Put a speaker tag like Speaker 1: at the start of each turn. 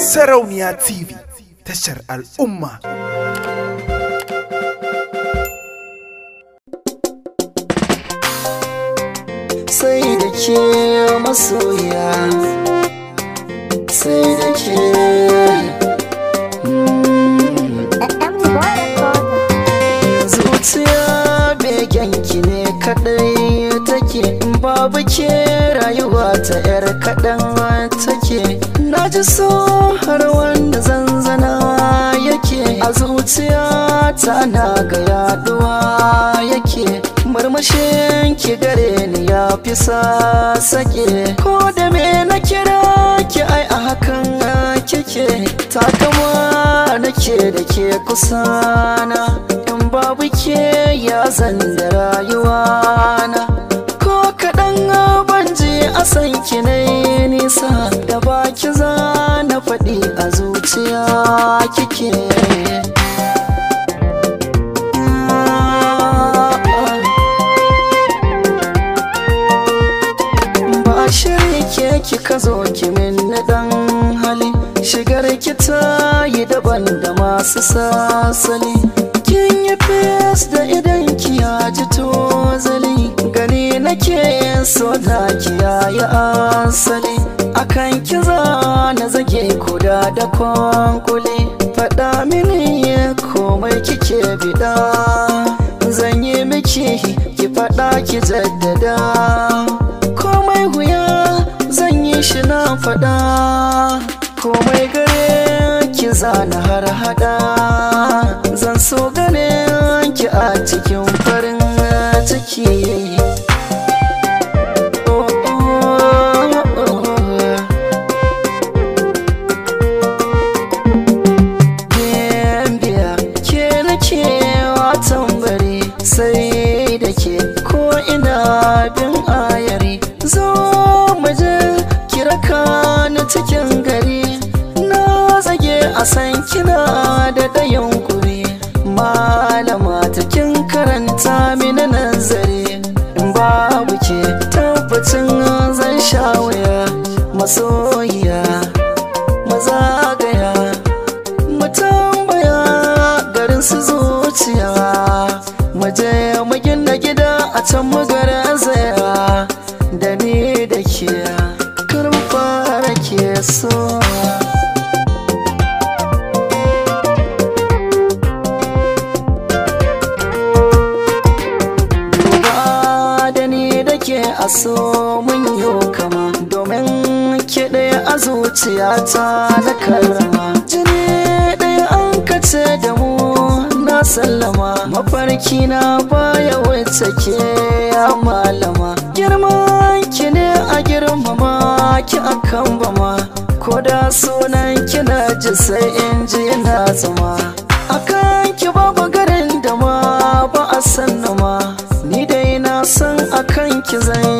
Speaker 1: Sarauniya TV tashar al'umma. Sai da ke masoya, sai da ke zuciya ne kadai take babu ke rayuwa ta 'yar kaɗan take. na ji so har wanda zanzana yake a zuciya ta na ga yaduwa yake murmushin ki gare ni ya fi sake ko da me na kira ki ai a hakan kike takama nake da ke kusana in babu ke ya zanda gaskiya kike ba shiri ke kika zo kimin na dan hali shigar ki ta yi daban da masu sasali kin yi fes da idan ki yaji ji tozali gani nake so da ki ya yi asali akan kiza na zage kuda da kwankuli faɗa mini komai kike bida zan yi miki ki faɗa ki jaddada komai huya zan yi shi na faɗa komai gare ki zana har hada ta ɗayan so mun yi kama domin ke ɗaya a zuciyata na karama jini ɗaya an kace da mu na sallama mafarki na baya wata ke ya malama girman ki ne a girmama ki a kan bama ko da sunan ki na ji sai in ji na zama akan ki babu garin da ma ba a san ni dai na san akan ki zan